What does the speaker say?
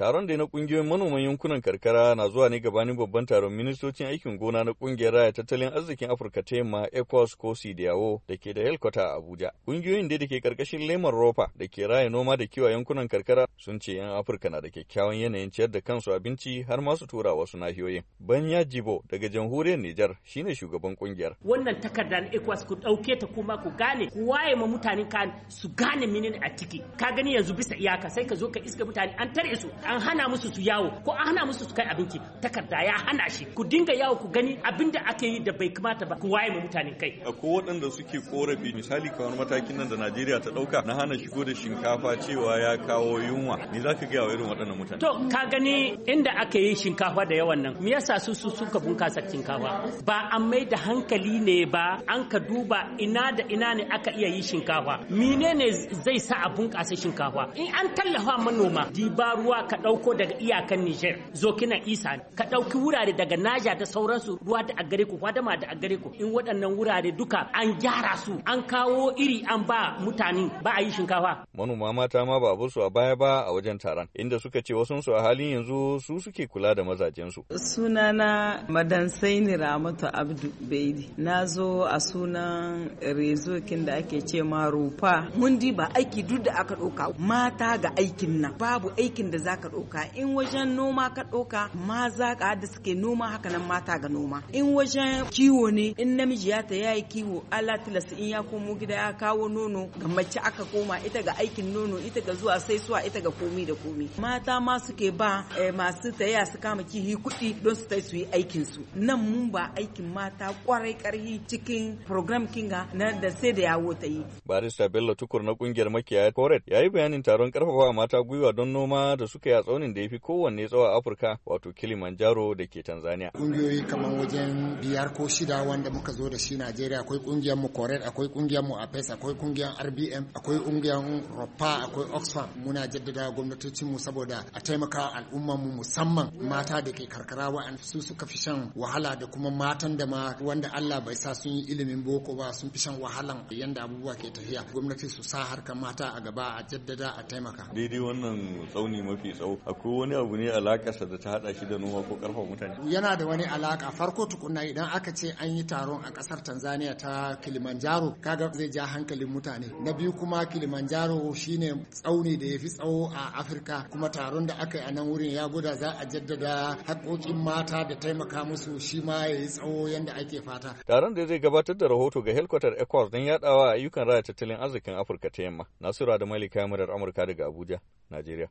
Taron da na kungiyoyin manoman yankunan karkara na zuwa ne gabanin babban taron ministocin aikin gona na kungiyar raya tattalin arzikin Afirka ta yamma ECOWAS ko CDAO da ke da helkwata a Abuja. Kungiyoyin da ke karkashin lemar ropa da ke raya noma da kiwa yankunan karkara sun ce 'yan Afirka na da kyakkyawan yanayin ciyar da kansu abinci har masu su tura wasu nahiyoyin. Banya Jibo daga jamhuriyar Nijar shine shugaban kungiyar. Wannan takarda na ECOWAS ku dauke ta kuma ku gane ku waye ma mutanen kan su gane minin a ciki. Ka gani yanzu bisa iyaka sai ka zo ka iska mutane an tare su an hana musu su yawo ko an hana musu su kai abinci takarda ya hana shi ku dinga yawo ku gani abin da ake yi da bai kamata ba ku waye mutanen mutane kai Ko waɗanda suke korafi misali kamar matakin nan da Najeriya ta ɗauka na hana shigo da shinkafa cewa ya kawo yunwa ni za ka gaya wa irin waɗannan mutane to ka gani inda aka yi shinkafa da yawan nan me yasa su su suka bunkasa shinkafa ba an mai da hankali ne ba an ka duba ina da ina ne aka iya yi shinkafa menene zai sa a bunkasa shinkafa in an tallafa manoma diba ruwa ka ɗauko daga iyakan Niger zo kina isa ka ɗauki wurare daga Naja da sauransu ruwa da agare ku fadama da agare ku in waɗannan wurare duka an gyara su an kawo iri an ba mutane ba a yi shinkafa. Manoma mata ma ba su a baya ba a wajen taron inda suka ce wasu su a halin yanzu su suke kula da mazajen mazajensu. Sunana Madan Saini Ramatu Abdu Beidi na zo a sunan rezokin da ake ce ma rufa. Mun ba aiki duk da aka ɗauka mata ga aikin nan babu aikin da za ka ɗauka in wajen noma ka ɗauka maza ka da suke noma haka nan mata ga noma in wajen kiwo ne in namiji ya ta yayi kiwo ala tilasta in ya komo gida ya kawo nono ga mace aka koma ita ga aikin nono ita ga zuwa sai suwa ita ga komi da komi mata ma suke ba eh, masu taya su kama kihi kuɗi don su tai su yi aikin su nan mun ba aikin mata kwarai karhi cikin program kinga na da sai da yawo ta yi barista bello tukur na kungiyar makiyaya koret yayi bayanin taron karfafa mata gwiwa don noma da suka kai a tsaunin da ya fi kowanne tsawo a Afirka wato Kilimanjaro da ke Tanzania. Kungiyoyi kamar wajen biyar ko shida wanda muka zo da shi Najeriya akwai kungiyar mu Koret, akwai kungiyar mu APES, akwai kungiyar RBM, akwai kungiyar Ropa, akwai Oxfam. Muna jaddada gwamnatocin mu saboda a taimaka al'ummar mu musamman mata da ke karkara wa'an su suka fi shan wahala da kuma matan da ma wanda Allah bai sa sun yi ilimin boko ba sun fi shan wahalan yanda abubuwa ke tafiya. Gwamnati su sa harkar mata a gaba a jaddada a taimaka. Daidai wannan tsauni mafi tsawo akwai wani abu ne sa da ta hada shi da noma ko karfa mutane yana da wani alaka farko tukunna idan aka ce an yi taron a kasar Tanzania ta Kilimanjaro kaga zai ja hankalin mutane na biyu kuma Kilimanjaro shine tsauni da yafi tsawo a Afirka kuma taron da aka yi a nan wurin ya guda za a jaddada haƙoƙin mata da taimaka musu shi ma ya yi tsawo yadda ake fata taron da zai gabatar da rahoto ga helkwatar ECOWAS don yadawa ayyukan raya tattalin arzikin Afirka ta Yamma Nasiru da Malika Murar Amurka daga Abuja Najeriya